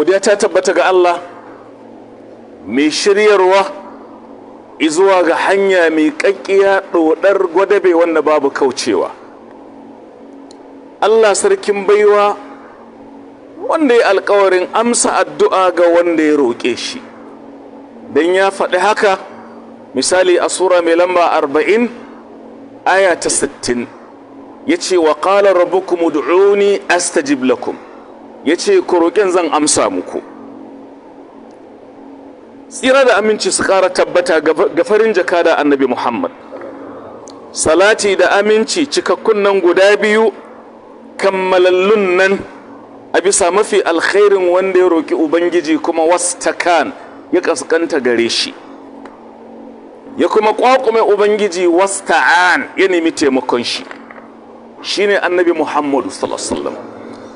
godiya ta tabbata ga Allah mai shiryarwa izuwa ga hanya mai ƙaƙƙiya ɗodar gwadabe wanda babu kaucewa Allah sarkin baiwa wanda ya alkawarin amsa addu'a ga wanda ya roƙe shi don ya faɗi haka misali a sura mai lamba arba'in aya ta sittin ya ce wa ƙalar rabu kuma astajib lakum ya ce ku roƙen zan amsa muku tsira da aminci su ƙara tabbata ga farin jaka da annabi muhammad salati da aminci cikakkun nan guda biyu kammalallun nan a bisa mafi alkhairin wanda ya roƙi ubangiji kuma wastakan ya kaskanta gare shi ya kuma kwakume ubangiji wasta'an ya nemi taimakon shi shine annabi muhammadu sallallahu alaihi wasallam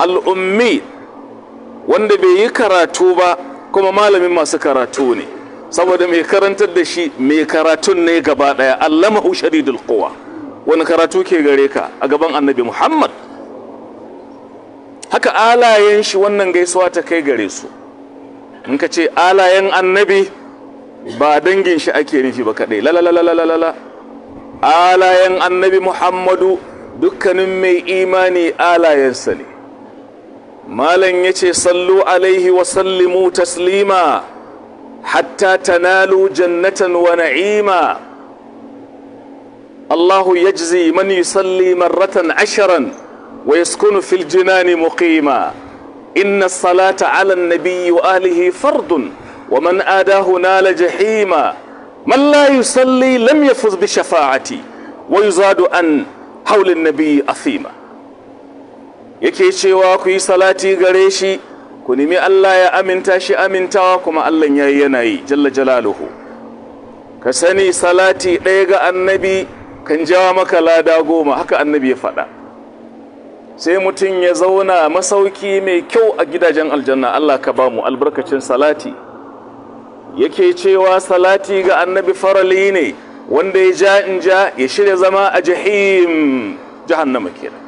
al'ummi wanda bai yi karatu ba kuma malamin masu karatu ne saboda mai karantar da shi mai karatun ne gaba daya allama shadidul dulkowa wani karatu ke gare ka a gaban annabi muhammad haka alayen shi wannan gaisuwa ta kai gare su in ka ce alayen annabi ba dangin shi ake nufi ba kaɗai lalalalalala alayen annabi muhammadu dukkanin mai imani alayensa ne malam yace sallu alaihi wa sallimu taslima hatta tanalu jannatan wa الله يجزي من يصلي مرة عشرا ويسكن في الجنان مقيما إن الصلاة على النبي وآله فرض ومن آداه نال جحيما من لا يصلي لم يفز بشفاعتي ويزاد أن حول النبي أثيما yake cewa ku yi salati gare shi ku nemi Allah ya aminta shi amintawa kuma Allah ya yi yanayi jalla jalaluhu ka sani salati ɗaya ga annabi kan jawa maka lada goma haka annabi ya faɗa sai mutum ya zauna masauki mai kyau a gidajen aljanna Allah ka ba mu albarkacin salati yake cewa salati ga annabi farali ne wanda ya ja in ja ya shirya zama a jahim jahannama kenan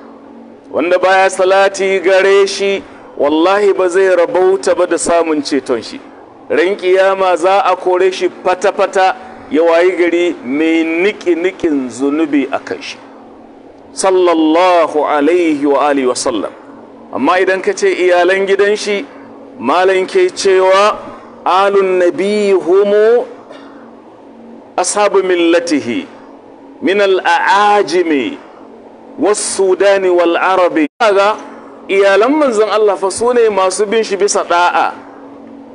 wanda baya salati gare shi wallahi ba zai rabauta ba da samun ceton shi ran kiyama za a kore shi fata-fata ya wayi gari mai niki-nikin zunubi a kan shi sallallahu alaihi wa alihi wasallam amma idan ka ce iyalan gidan shi malan ke cewa alun nabi homo ashabu millatihi min al'ajimi was-sudani wal arabi iyalan manzon Allah fa su masu bin shi bisa da'a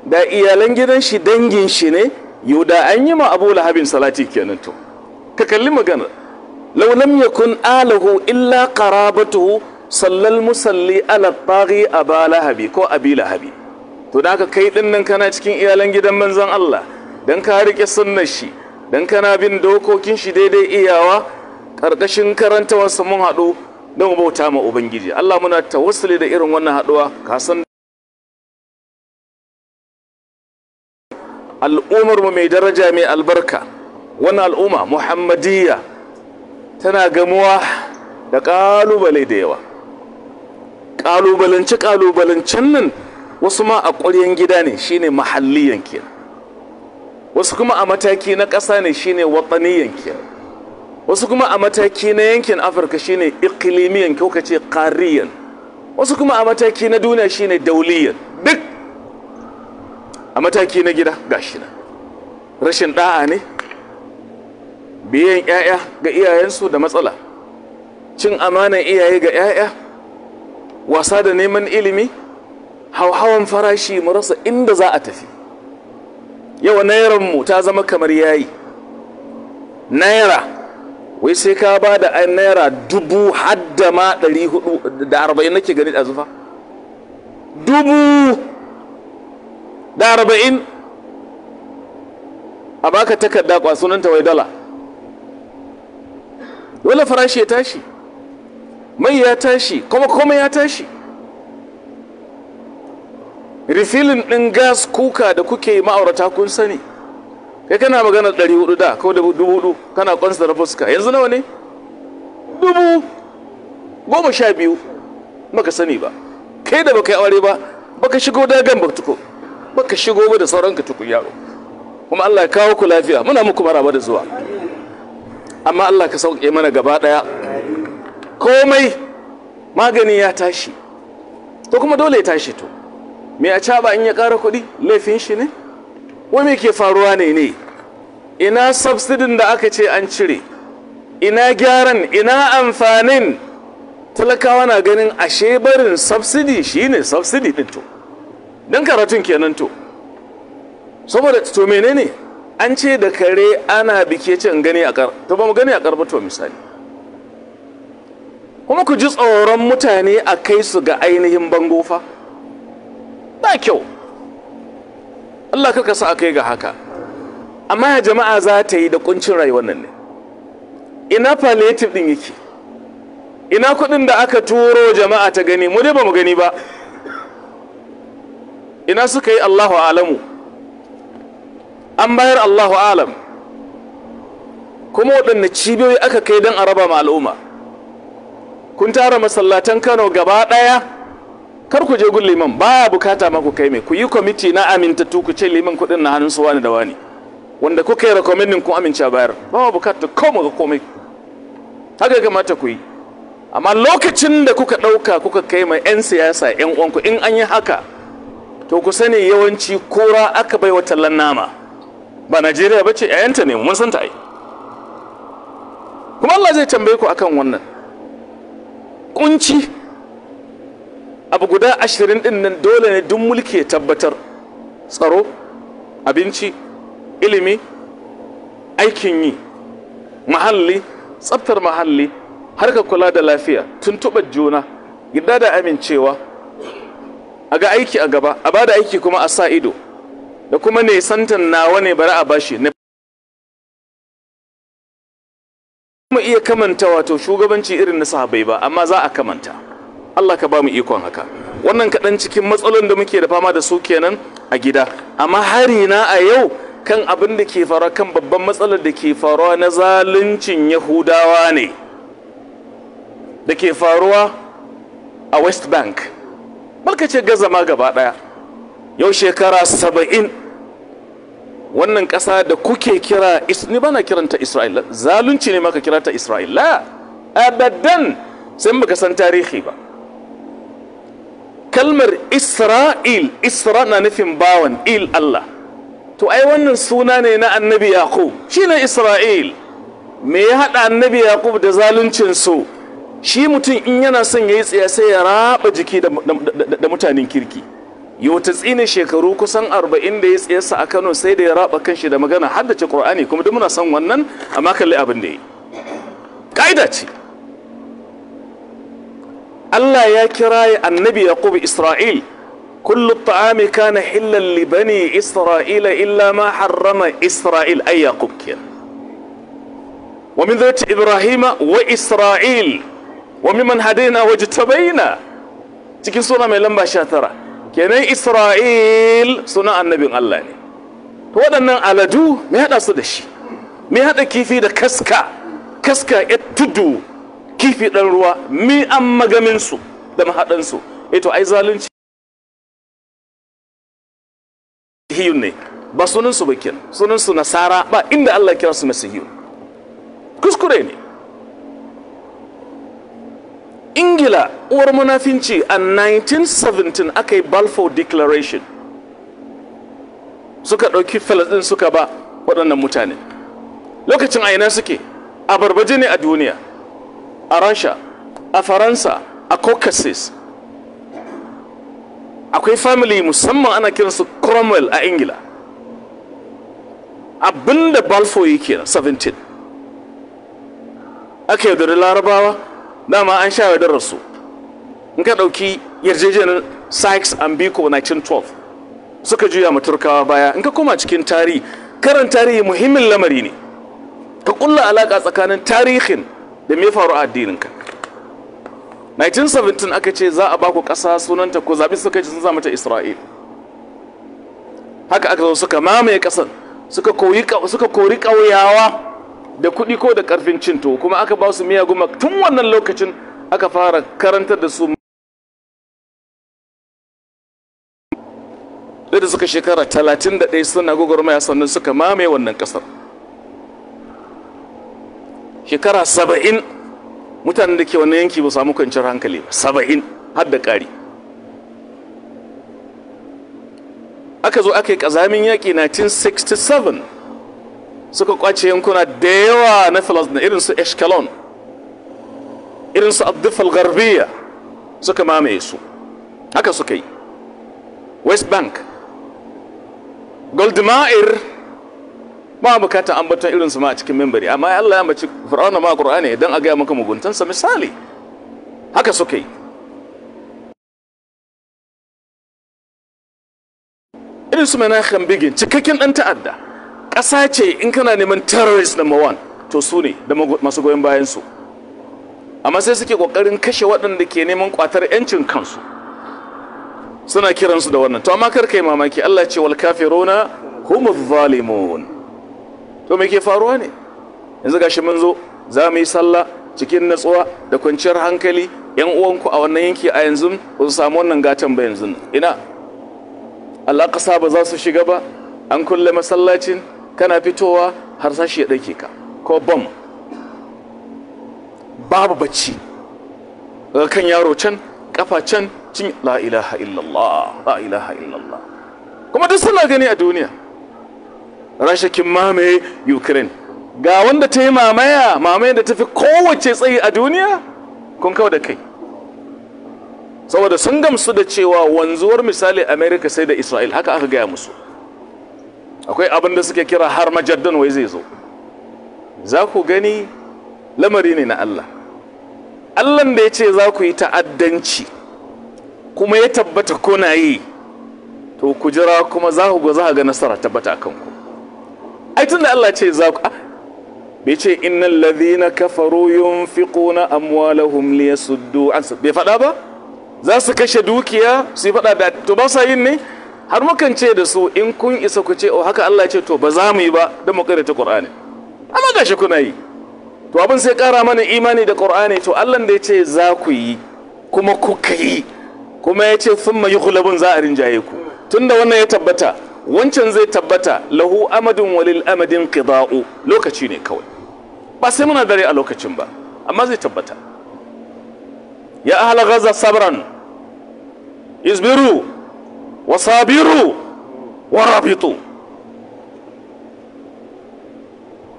da iyalan gidan shi dangin shi ne yau da an yi ma Abu Lahabin salati kenan to ka kalli magana law lam yakun alahu illa qarabatuhu sallal musalli ala taghi aba lahabi ko abi lahabi to da ka kai din nan kana cikin iyalan gidan manzon Allah dan ka rike sunnar shi dan kana bin dokokin shi daidai iyawa ƙarƙashin karantawarsa mun haɗu don bauta ma ubangiji allah muna tawassuli da irin wannan haɗuwa kasan al'ummar mu mai daraja mai albarka wannan al'umma muhammadiyya tana gamuwa da ƙalubale da yawa ƙalubalance ƙalubalancen nan wasu ma a ƙwaryen gida ne shine mahalliyan kenan wasu kuma a mataki na ƙasa ne shine watsaniyan kenan wasu kuma a mataki na yankin afirka shine ikilimiyan ko kace qariyan wasu kuma a mataki na duniya shine dauliyan duk a mataki na gida gashi na rashin da'a ne biyan 'ya'ya ga iyayensu da matsala cin amanan iyaye ga 'ya'ya wasa da neman ilimi hauhawan farashi mu rasa inda za a tafi yawa mu ta zama kamar yayi naira wai sai ka ba da naira dubu hadda ma ɗari hudu da arba'in nake gani da zufa dubu da arba'in a baka takarda sunanta wai dala wala farashi ya tashi mai ya tashi kuma kuma ya tashi refilling ɗin gas kuka da kuke ma'aurata kun sani kai kana magana ɗari hudu da ko dubu hudu kana kwansa na fuska yanzu nawa ne dubu goma sha biyu maka sani ba kai da baka yi aure ba baka shigo gan ba tuko baka shigo ba da sauran ka tuku yaro kuma Allah ya kawo ku lafiya muna muku maraba da zuwa amma Allah ka sauke mana gaba daya komai magani ya tashi to kuma dole ya tashi to me a caba in ya ƙara kuɗi laifin shi ne wai me ke faruwa ne ne ina subsidin da aka ce an cire ina gyaran ina amfanin talakawa na ganin ashe barin subsidi shine subsidi din to don karatun kenan to saboda to menene an ce da kare ana bike cin gani a kar to ba mu gani a kar to misali kuma ku ji tsoron mutane a kai su ga ainihin bango fa ba kyau Allah kar ka sa yi ga haka amma ya jama'a za ta yi da kuncin rayuwar nan ne ina palliative din yake ina kudin da aka turo jama'a ta gani mu dai ba mu gani ba ina suka yi Allahu alamu an bayar Allahu alam kuma waɗanne cibiyoyi aka kai don a raba ma al'umma kun tara masallatan Kano gaba ɗaya kar ku je gun liman baya bukata ma ku kai mai ku yi kwamiti na amintattu ku ce liman kuɗin na hannun su wani da wani wanda kuka yi recommending kun amince bayar ba ma bukata mu ga komai haka kamata ku yi amma lokacin da kuka ɗauka kuka kai mai 'yan siyasa 'yan uwanku in an yi haka to ku sani yawanci kora aka bai wa tallan nama ba najeriya ba ce 'ya'yanta ne mun ta ai kuma allah zai tambaye ku akan wannan kunci abu guda ashirin din nan dole ne duk mulki ya tabbatar tsaro abinci ilimi aikin yi mahalli tsaftar mahalli harka kula da lafiya tuntuɓar juna gida da amincewa a ga aiki a gaba a bada aiki kuma a sa ido da kuma ne santan nawa ne bari a bashi na kuma iya kamanta wato shugabanci irin na sahabai ba amma za a kamanta Allah ka ba mu ikon haka wannan kaɗan cikin matsalolin da muke da fama da su kenan a gida amma hari na a yau kan abin da ke faruwa kan babban matsalar da ke faruwa na zaluncin yahudawa ne da ke faruwa a west bank Malka ce gaza ma gaba ɗaya yau shekara saba'in wannan ƙasa da kuke kira ni ba na kiranta isra'ila zalunci ne maka kira ta isra'ila abadan sai baka san tarihi ba kalmar isra'il isra na nufin bawan il Allah to ai wannan suna ne na annabi yaqub shine isra'il me ya haɗa annabi yaqub da zaluncin su shi mutum in yana son yayi tsaya sai ya raba jiki da mutanen kirki yau ta tsine shekaru kusan arba'in da ya tsayasa a kano sai da ya raba kanshi da magana haddace Kur'ani kuma duk muna son wannan amma kalli abin da ya yi ƙa'ida ce Allah ya kiraye annabi Yaqub Isra'il kullum ta'ami kana hillan li bani Isra'ila illa ma harrama Isra'il ay Yaqub kenan wa min dhati Ibrahima wa Isra'il wa waje ta bayyana cikin suna mai lamba tara, kenan Isra'il suna annabin Allah ne to waɗannan aladu me haɗa su da shi me haɗa kifi da kaska kaska ya tudu kifi ɗan ruwa mi an magaminsu da mahaɗansu eto eh ai zalunci hiyun ne ba sunansu ba kenan sunansu nasara ba inda Allah kira su masihiyun kuskure ne ingila uwar munafinci a 1917 aka yi balfour declaration suka ɗauki ɗin suka ba waɗannan mutane lokacin aina suke a barbaje ne a duniya a rasha a faransa a caucasus akwai family musamman ana kiransu cromwell a ingila abinda balfour yake na 17 ake yaudari larabawa dama an sha yaudarar rasu. in ka ɗauki yarjejeniyar sykes and biko 1912 suka juya ma turkawa baya in ka koma cikin tarihi karan tarihi muhimmin lamari ne ka ƙulla alaƙa tsakanin tarihin da me faru a addinin ka 1917 aka ce za a ba ku ƙasa sunanta ko zaɓi suka ce sun za mata isra'il haka aka zo suka mamaye ƙasar suka kori ƙauyawa da kuɗi ko da ƙarfin cinto kuma aka ba su miya goma tun wannan lokacin aka fara karantar da su da suka shekara 31 suna gwagwarmaya sannan suka mamaye wannan ƙasar shekara saba'in mutanen da ke wannan yanki ba samu kwanciyar hankali ba saba'in har da ƙari aka zo aka yi ƙazamin yaƙi 1967 suka kwace yankuna da yawa na filastin irin su eshkelon irin su abdufal garbiya suka mamaye su haka suka yi west bank goldmire ba bukatan ambaton irinsu ma a cikin membari amma Allah ya mace fir'auna ma qur'ani dan a gaya maka muguntansa misali haka suka yi irin su menachem begin cikakken dan ta'adda ƙasa ce in kana neman terrorist number one to su ne da masu goyon bayan amma sai suke ƙoƙarin kashe waɗanda ke neman kwatar 'yancin kansu suna kiransu da wannan to amma kar kai mamaki Allah ce wal kafiruna humu zalimun to me ke faruwa ne yanzu gashi mun zo za mu yi sallah cikin natsuwa da kwanciyar hankali yan uwanku a wannan yanki a yanzu ba su samu wannan gatan ba yanzu ina Allah kasa ba za su shiga ba an kulle masallacin kana fitowa har sashi ya dake ka ko bam babu bacci ga kan yaro can kafa can cin la ilaha illallah la ilaha illallah kuma duk suna gani a duniya rasha kin mamaye ukraine ga wanda ta yi mamaya mamayen da ta fi kowace tsayi a duniya kun kawo da kai saboda sun gamsu da cewa wanzuwar misali america sai da isra'il haka aka gaya musu akwai abin da suke kira har majaddan wai zai zo za ku gani lamari ne na allah allah da ya ce za ku yi ta'addanci kuma ya tabbata kuna yi to kujera kuma za ku ga za nasara tabbata kan ai tunda Allah ce za ku ah. bai ce innal ladhina kafaru yunfiquna amwalahum liyasuddu an bai faɗa ba za su kashe dukiya su yi faɗa da to ba sa yin ne har mukan ce da su in kun isa ku ce o oh, haka Allah ce to ba za mu yi ba don mu karanta ƙur'ani amma gashi kuna yi to abin sai kara mana imani da ƙur'ani to Allah da ya ce za ku yi kuma kuka yi kuma ya ce thumma yughlabun za a rinjaye ku tunda wannan ya tabbata wancan zai tabbata lahu Amadun walil amadin qida'u lokaci ne kawai ba sai muna dare a lokacin ba amma zai tabbata ya ahla gaza sabran isbiru wa sabiru wa rabitu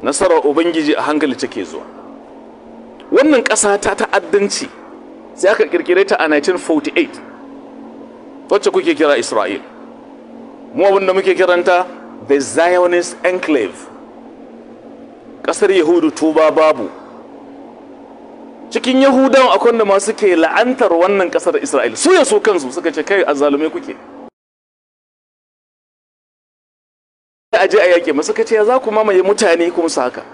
nasarar ubangiji a hankali take zuwa wannan ƙasa ta ta'addanci sai aka kirkire ta a 1948 wacce kuke kira isra'il mu abin da muke kiranta the zionist enclave ƙasar yahudu tuba babu cikin yahudawan akwai da masu ke la'antar wannan ƙasar isra'il su ya so kansu suka ce kai a zalume kuke aje a yaƙi masu ka ce ya za ku mamaye mutane kuma su haka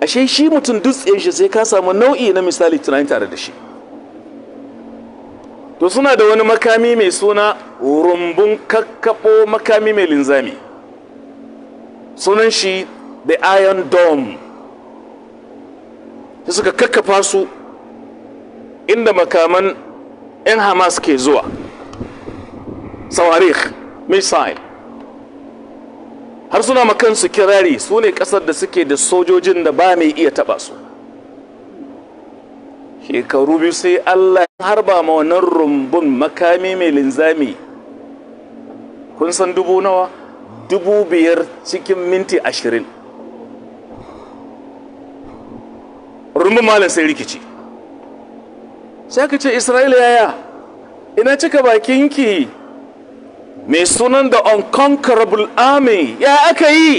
ashe shi mutum dutse shi sai ka samu nau'i na misali tunani tare da shi to suna da wani makami mai suna rumbun kakkaɓo makami mai linzami sunan shi the iron dome sai suka kakkafa su inda makaman 'yan hamas ke zuwa sawarikh missile har suna makansu kirari su ne kasar da suke da sojojin da ba mai iya taba su shekaru biyu sai Allah ya harba ma wannan rumbun makami mai linzami kun san dubu nawa dubu biyar cikin minti ashirin rumbun malam sai rikici sai ka ce isra'ila yaya ina cika bakinki mai sunan da unconquerable army ya aka yi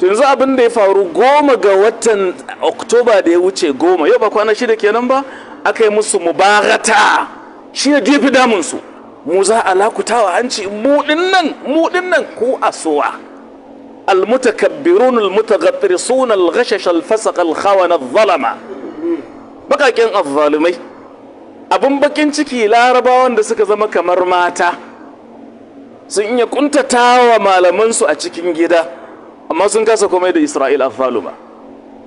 to yanzu abin da ya faru goma ga watan oktoba da ya wuce goma yau ba kwana shida kenan ba aka yi musu mubarata shi ne jefi damunsu mu za a lakutawa hanci mu nan mu nan ko a sowa المتكبرون المتغطرسون الغشش الفسق na zalama. بقاكين الظالمي Abin bakin ciki larabawan da suka zama kamar mata sun iya kuntatawa malamansu a cikin gida amma sun kasa komai da isra'il ba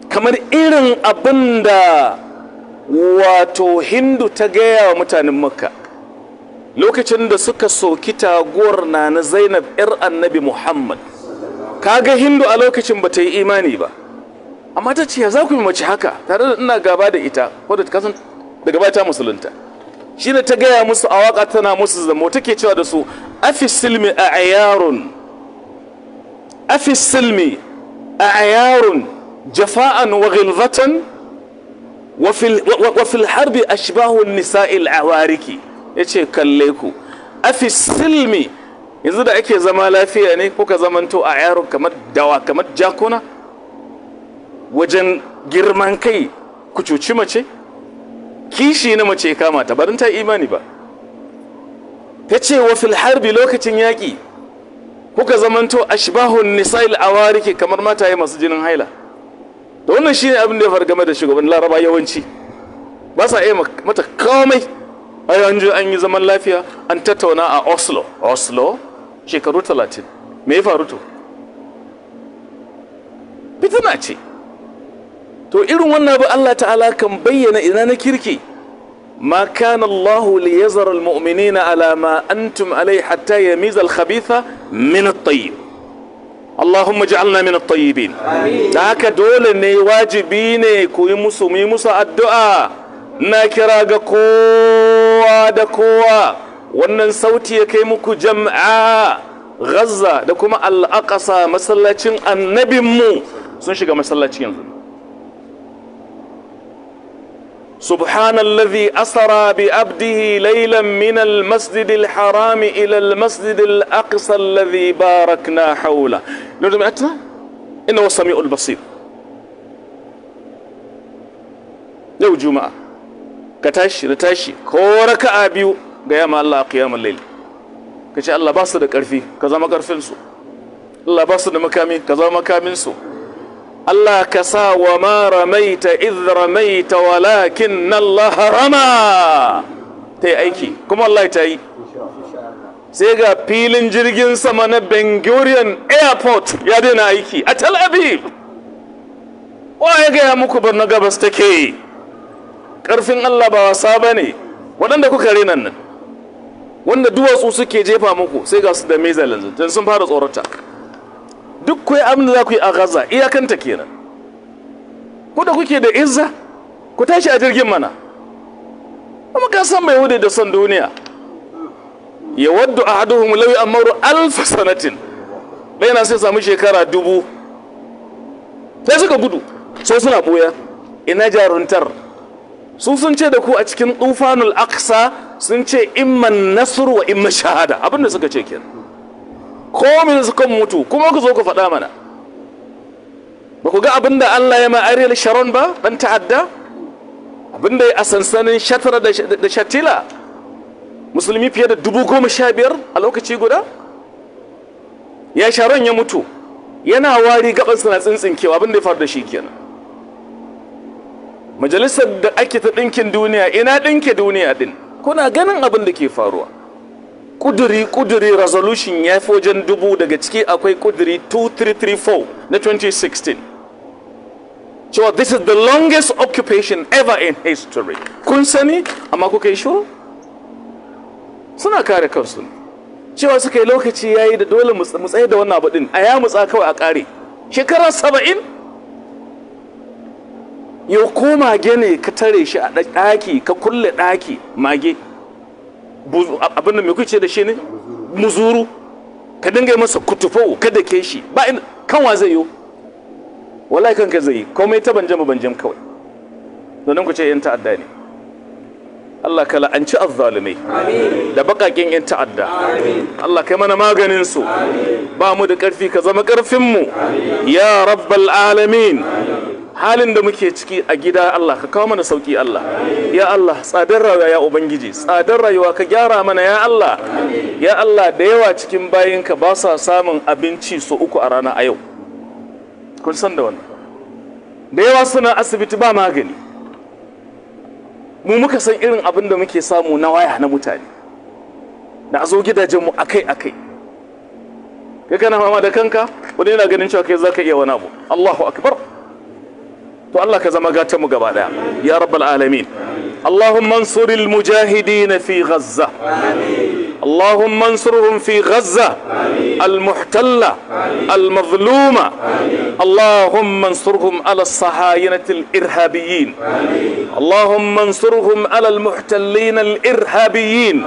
kamar irin abin da wato hindu ta gaya wa mutanen makka lokacin da suka soki taguwar na na zainab 'yar annabi muhammad kaga hindu a lokacin ba ta yi imani ba amma ta ce za ku yi mace haka tare da ina gaba da ita da kasan da gaba ta musulunta shine ta gaya musu a waka tana musu zamo take cewa da su afi silmi a ayarun أفي silmi أعيار جفاء وغلظة وفي, ال... وفي الحرب أشباه النساء العوارك يتشي كالليكو أفي silmi yanzu da ake zama lafiya ne kuka zamanto a yaro kamar dawa jakuna wajen girman kai ku cuci mace kishi na mace kama ta barin ta imani ba ta ce wa harbi lokacin yaƙi kuka zamanto ashbahun nisa'il awariki kamar mataye masu jinin haila da wannan shine abin da ya faru game da shugaban laraba yawanci ba sa iya mata komai ai an an yi zaman lafiya an tattauna a oslo oslo shekaru talatin me ya faru to fitina ce to irin wannan abu allah ta'ala kan bayyana ina na kirki ما كان الله ليزر المؤمنين على ما أنتم عليه حتى يميز الخبيث من الطيب Allahumma ja'alna min at-tayyibin da haka dole ne wajibi ne ku yi musu mu musu addu'a na kira ga kowa da kowa wannan sauti ya kai muku jam'a Gaza da kuma al masallacin annabinmu sun shiga masallacin سبحان الذي أسرى بأبده ليلا minal المسجد harami ilal المسجد الأقصى الذي باركنا حوله نريد من أتنا إنه السميع البصير yau juma'a ka tashi da tashi ko raka'a biyu ga yama Allah a qiyamul layl kace ba su da karfi ka su Allah ba su da makami ka zama makamin su Allah ka sa wa ma ramaita idh ramaita walakin Allah rama ta yi aiki kuma Allah ta yi sai ga filin jirgin sama na Ben Gurion airport ya daina aiki a Tel Aviv wa ya gaya muku na gabas take karfin Allah ba wasa ba ne waɗanda kuka renan nan wanda duwatsu suke jefa muku sai ga su da mezalin sun fara tsorata duk ku yi abin da za ku yi a gaza iyakanta kenan ku da kuke da izza ku tashi a jirgin mana kuma ka san mai hudu da son duniya ya waddu a haduhun lawi a maru alfa sanatin bai na sai samu shekara dubu sai suka gudu so suna boya ina jaruntar su sun ce da ku a cikin tufanul aksa sun ce imman nasur wa imma shahada abinda suka ce kenan komin su kan mutu kuma ku zo ku faɗa mana ba ku ga abin da Allah ya ma'ari Sharon ba ɗan ta'adda abin da a sansanin shatara da shatila musulmi fiye da dubu goma sha biyar a lokaci guda ya Sharon ya mutu yana wari gaban suna tsintsinkewa abin da ya faru da shi kenan majalisar da ake ta ɗinkin duniya ina ɗinke duniya ɗin kuna ganin abin da ke faruwa kuduri kuduri resolution ya fi wajen dubu daga ciki akwai kuduri 2334 na 2016 cewa this is the longest occupation ever in history kun sani amma kuka yi shuru suna kare kansu cewa suka yi lokaci ya yi da dole mu tsaye da wannan abudin a ya mutsa kawai a kare shekara saba'in ya koma ne ka tare shi a ɗaki ka kulle ɗaki mage abin da mai kuce da shi ne muzuru ka dinga masa kutufo kada ke shi ba in kanwa zai yi wallahi kanka zai yi komai ta banjam banjam kawai domin ku ce yan ta'adda ne Allah ka la'anci azzalumai da bakakin yan ta'adda Allah kai mana maganin su ba mu da karfi ka zama karfin mu ya rabbal alamin halin da muke ciki a gida Allah ka kawo mana sauki Allah ya Allah tsadar rayuwa ya ubangiji tsadar rayuwa ka gyara mana ya Allah ya Allah da yawa cikin bayinka ba sa samun abinci su uku a rana a yau kun san da wannan da yawa suna asibiti ba magani mu muka san irin abin da muke samu na waya na mutane na zo gidajenmu akai-akai kai kana mama da kanka wani yana ganin cewa kai zaka iya wani abu allahu akbar تو الله كذا ما gatan mu gaba daya ya rabbal اللهم انصر المجاهدين في غزة آمين. اللهم انصرهم في غزة آمين. المحتلة آمين. المظلومة آمين. اللهم انصرهم على الصهاينة الإرهابيين اللهم انصرهم على المحتلين الإرهابيين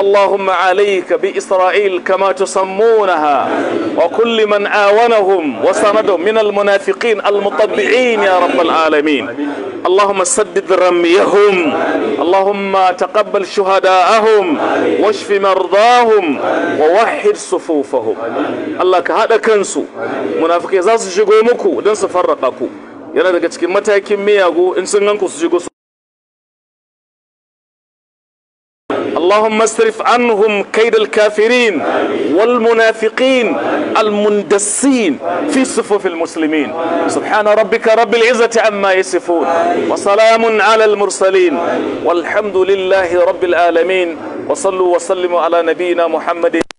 اللهم عليك بإسرائيل كما تسمونها وكل من آونهم وسندهم من المنافقين المطبعين يا رب العالمين اللهم سدد رميهم اللهم تقبل شهداءهم واشف مرضاهم ووحد صفوفهم الله كهذا كنسو منافقين shigo muku don su farraka ku yana daga cikin matakin miyago in sun ganku su shigo su اللهم اصرف عنهم كيد الكافرين والمنافقين المندسين في صفوف المسلمين سبحان ربك رب العزة عما يصفون وسلام على المرسلين والحمد لله رب العالمين وصلوا وسلموا على نبينا محمد